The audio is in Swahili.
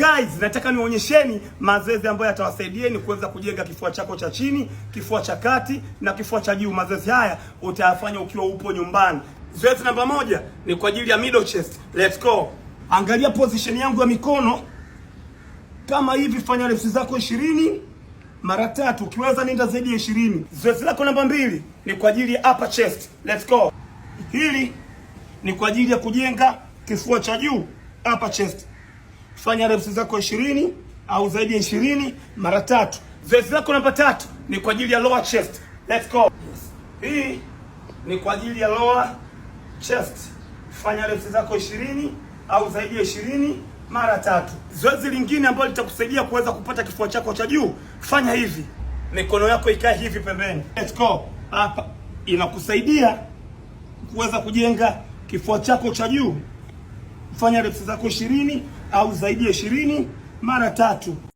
Guys, nataka nionyesheni mazoezi ambayo yatawasaidieni kuweza kujenga kifua chako cha chini, kifua cha kati na kifua cha juu. Mazoezi haya utayafanya ukiwa upo nyumbani. Zoezi namba moja ni kwa ajili ya middle chest. Let's go. Angalia position yangu ya mikono kama hivi, fanya reps zako 20 mara tatu, ukiweza nenda zaidi ya 20. Zoezi lako namba mbili ni kwa ajili ya upper chest. Let's go. Hili ni kwa ajili ya kujenga kifua cha juu, upper chest fanya reps zako 20 au zaidi ya 20 mara tatu. Zoezi lako namba tatu ni kwa ajili ya lower chest. Let's go. Yes. Hii ni kwa ajili ya lower chest. Fanya reps zako 20 au zaidi ya 20 mara tatu. Zoezi lingine ambalo litakusaidia kuweza kupata kifua chako cha juu, fanya hivi, mikono yako ikae hivi pembeni. Let's go. Hapa inakusaidia kuweza kujenga kifua chako cha juu fanya reps zako ishirini au zaidi ya ishirini mara tatu.